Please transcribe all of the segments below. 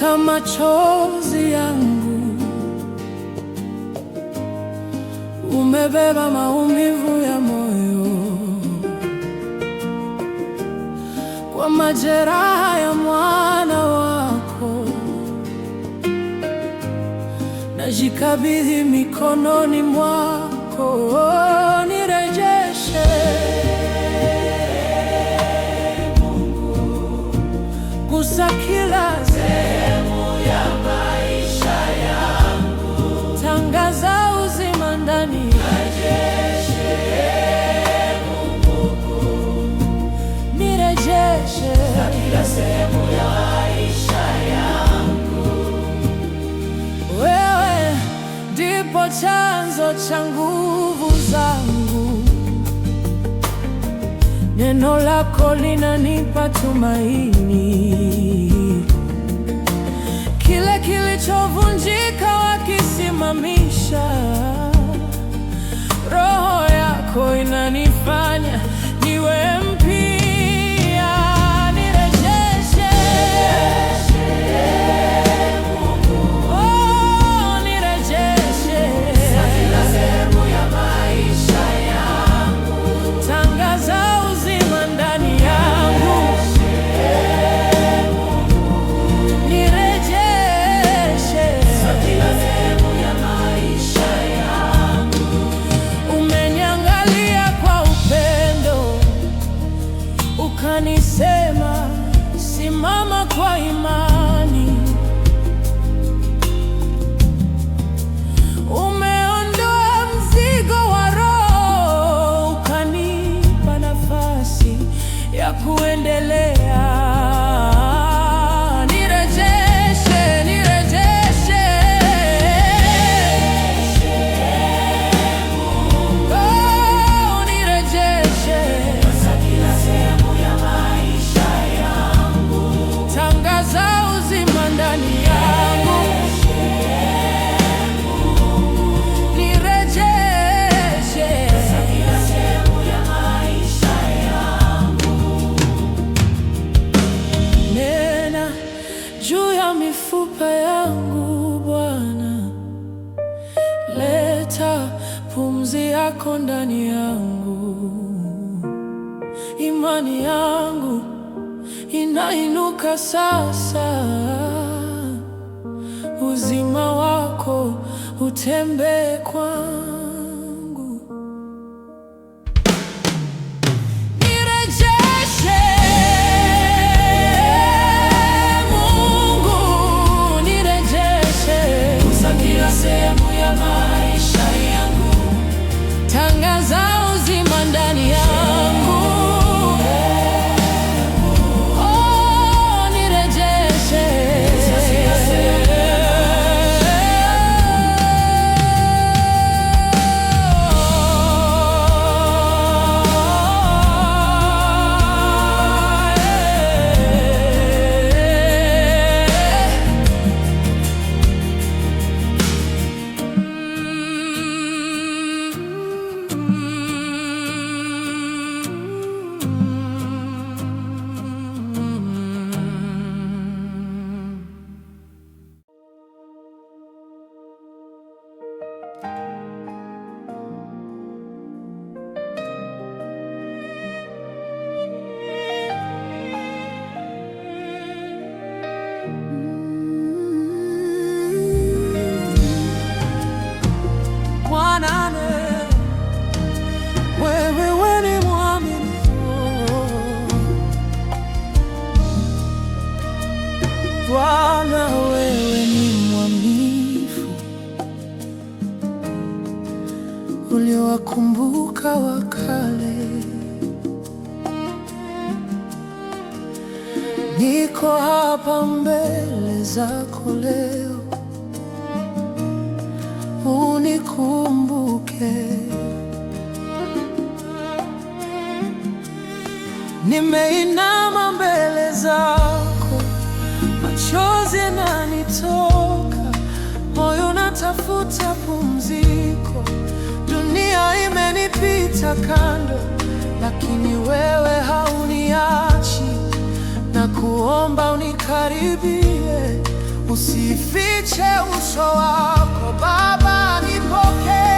hata machozi yangu, umebeba maumivu ya moyo kwa majeraha ya mwana wako, najikabidhi mikononi mwako, oh, nirejeshe kila kila sehemu ya maisha yangu. Wewe ndipo chanzo cha nguvu zangu, neno lako linanipa tumaini. Kile kilichovunjika wakisimamisha, roho yako inanifanya ndani yangu, imani yangu inainuka sasa. Uzima wako utembee kwa hapa mbele zako leo, unikumbuke. Nimeinama mbele zako, machozi yananitoka, moyo natafuta pumziko. Dunia imenipita kando, lakini wewe hauniachi nakuomba unikaribie, usifiche uso wako Baba, nipokee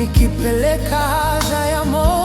nikipeleka haja ya moyo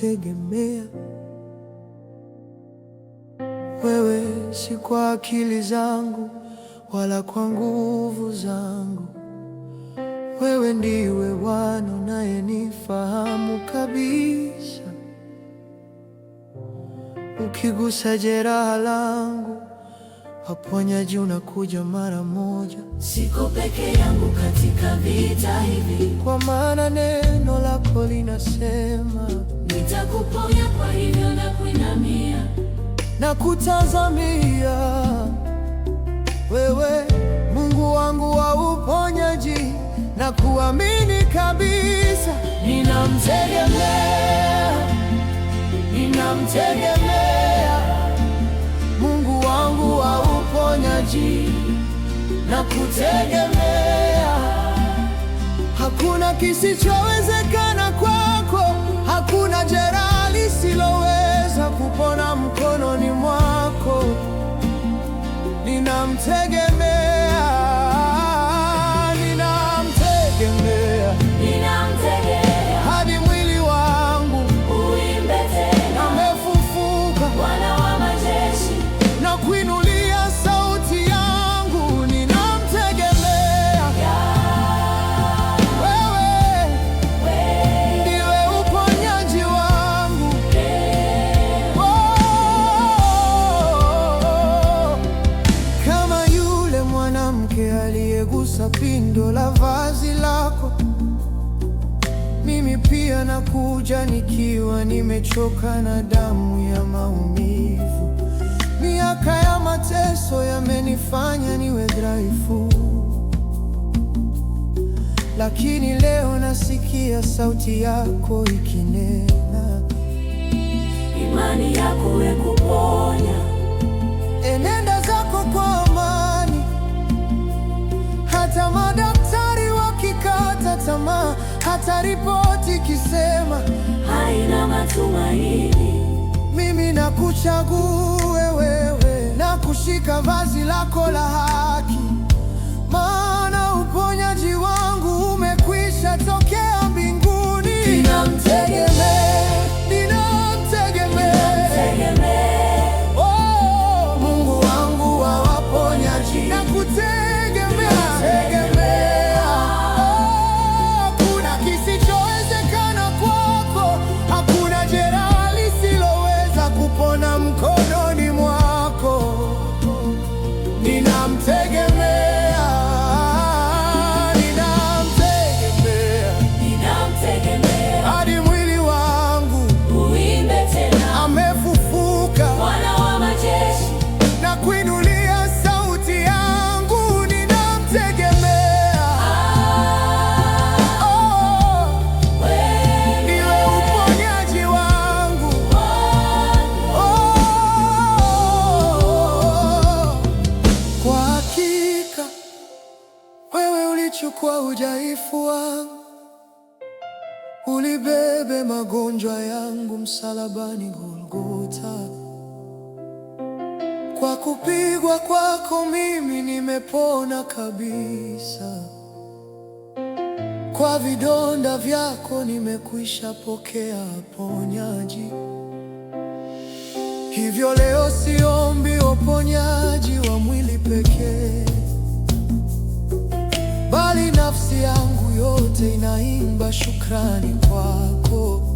kutegemea Wewe si kwa akili zangu wala kwa nguvu zangu, wewe ndiwe Bwana unayenifahamu kabisa. Ukigusa jeraha langu, waponyaji unakuja mara moja. Siko peke yangu katika vita hivi, kwa maana neno lako linasema nitakuponya kwa hivyo na kuinamia na kutazamia wewe, Mungu wangu wa uponyaji, na kuamini kabisa, ninamtegemea, ninamtegemea Mungu wangu wa uponyaji, na kutegemea, hakuna kisichowezekana. take it. nimechoka na damu ya maumivu. Miaka ya mateso yamenifanya niwe dhaifu, lakini leo nasikia sauti yako ikinena, imani yako ekuponya, enenda zako kwa amani hata mada tamaa, hata ripoti ikisema haina matumaini, mimi nakuchagua wewe, nakushika vazi lako la haki Wewe ulichukua udhaifu wangu, ulibebe magonjwa yangu msalabani golgota Kwa kupigwa kwako mimi nimepona kabisa, kwa vidonda vyako nimekwisha pokea ponyaji. Hivyo leo siombi uponyaji wa mwili pekee bali nafsi yangu yote inaimba shukrani kwako.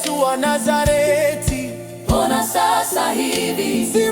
Yesu wa Nazareti, pona sasa hivi.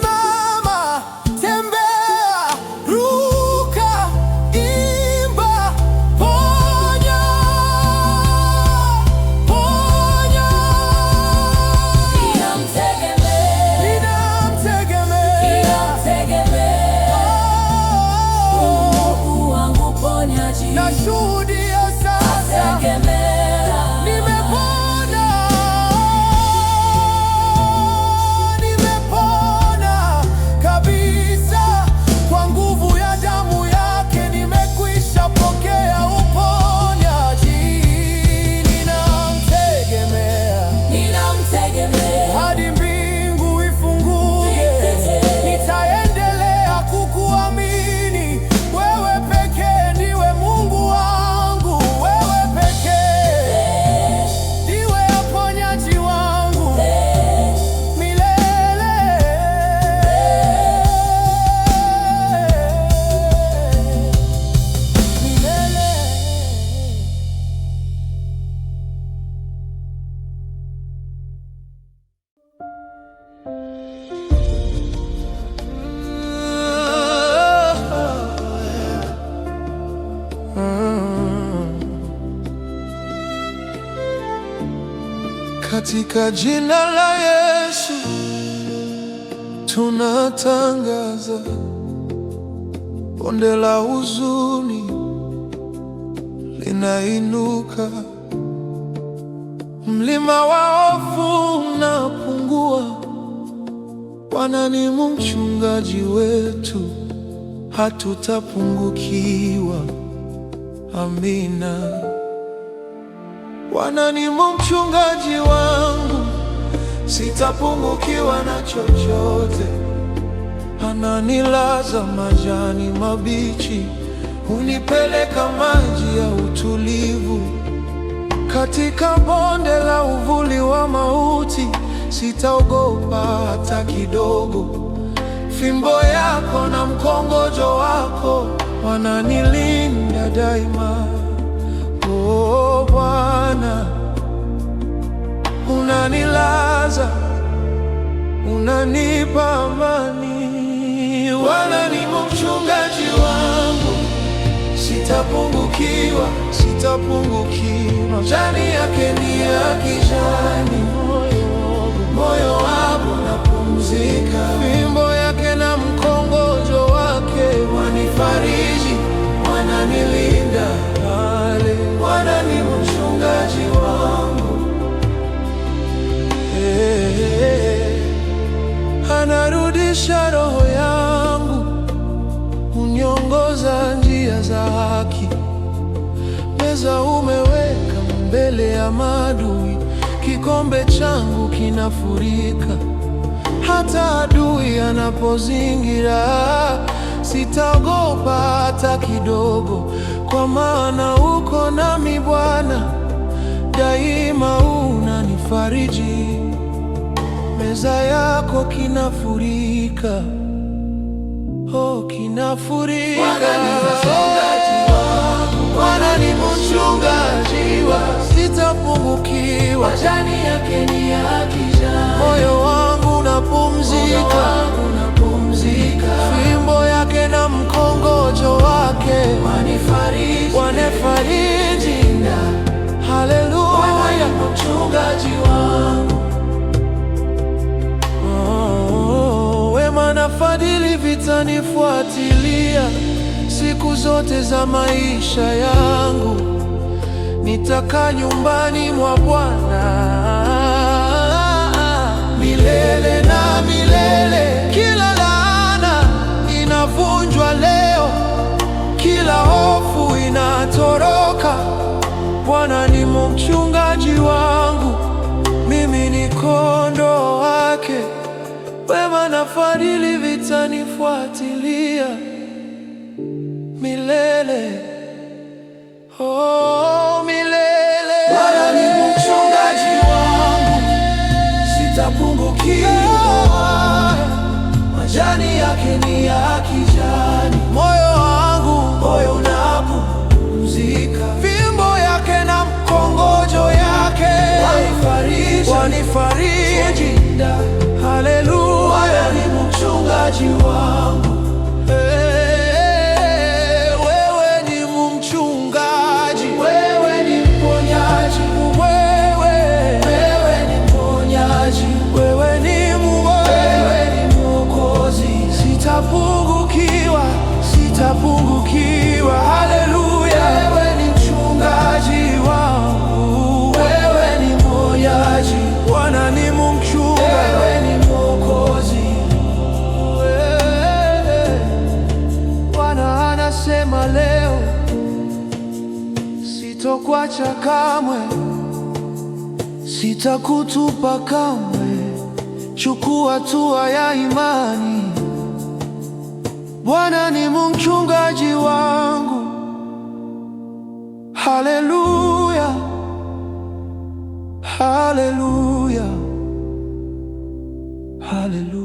Katika jina la Yesu tunatangaza bonde la huzuni linainuka, mlima wa hofu unapungua. Bwana ni mchungaji wetu, hatutapungukiwa. Amina. Bwana nimo mchungaji wangu, sitapungukiwa na chochote. Ananilaza majani mabichi, hunipeleka maji ya utulivu. Katika bonde la uvuli wa mauti, sitaogopa hata kidogo. Fimbo yako na mkongojo wako wananilinda daima. Oh. unanilaza, unanipa amani. Bwana ni mchungaji wangu, sitapungukiwa, sitapungukiwa. Jani yake ni ya kijani, moyo wangu napumzika. Fimbo yake na mkongojo wake wanifariji, wananilinda. Bwana ni Fundisha roho yangu, uniongoza njia za haki. Meza umeweka mbele ya maadui, kikombe changu kinafurika. Hata adui anapozingira, sitaogopa hata kidogo, kwa maana uko nami Bwana, daima unanifariji meza yako kinafurika, oh, kinafurika. Bwana ni mchungaji wangu, sitapungukiwa. Majani yake ni ya kijani, moyo wangu unapumzika. Fimbo yake na mkongojo wake wanifariji. Haleluya, Bwana ni mchungaji wangu na fadhili vitanifuatilia siku zote za maisha yangu, nitakaa nyumbani mwa Bwana. fadhili vitanifuatilia milele, oh, milele. Bwana ni mchungaji wangu, sitapungukiwa, majani yake ni haki kukuacha kamwe, sitakutupa kamwe. Chukua hatua ya imani. Bwana ni mchungaji wangu, haleluya, haleluya, haleluya.